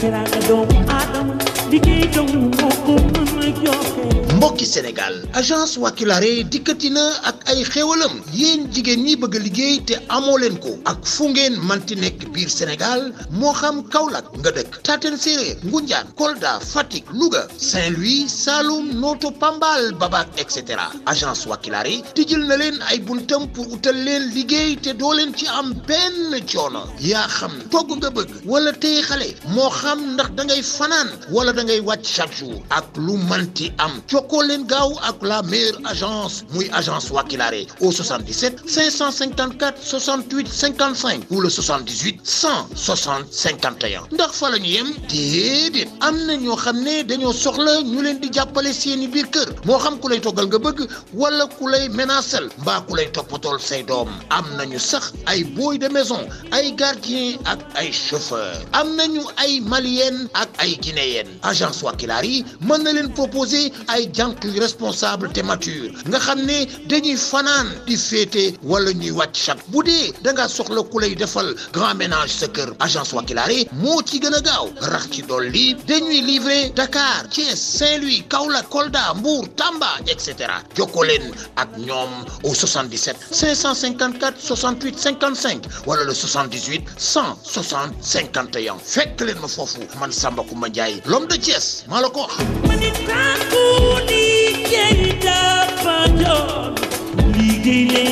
Can I go on them? Moki Sénégal agence Wakilare, dikkati na ak ay xéwalam yéen jigéen ñi bëgg liggéey te amoo leen ko ak fu ngeen nekk biir Sénégal moo xam Kaolack nga dëkk Taten Séeréer Ngunjaan Kolda Fatik, Louga Saint-Louis Saloum Noto Pambal Babak, Etc. cetera agence wakilare tijjil na leen ay buntam pour utal leen liggéey te doo leen ci am benn coono yaa xam togg nga bëgg wala xale xam ndax da ngay wala da ngay chaque jour ak lu am jokkoo len gaaw ak la meilleure agence muy agence Wakilare au 77 554 68 55 ou le 78 160 51 ndax fa lañu yem déedéet am na ñoo xam ne soxla ñu len di jappalé seeni biir kër mo xam ku lay toggal nga bëgg wala ku lay ménacel mbaa ku lay say doom am nañu sax ay boy de maison ay gardien ak ay chauffeur am nañu ay malienne ak ay guinéenne agent Soakelaar yi mën na leen proposer ay jànq yu responsable te mature nga xam ne dañuy fanaan di féete wala ñuy wàcc chaque da nga soxla ku grand ménage ce kër agence Wakilaare moo ci gën a rax ci Dakar Thiès Saint-Louis Kaula, Kolda Mbour Tamba etc. Yo jokkoo leen ak au 77 554 68 55 wala le 78 160 51 Fait leen ma foofu man Samba l'homme de biir Thiès maa la ko wax. liggéey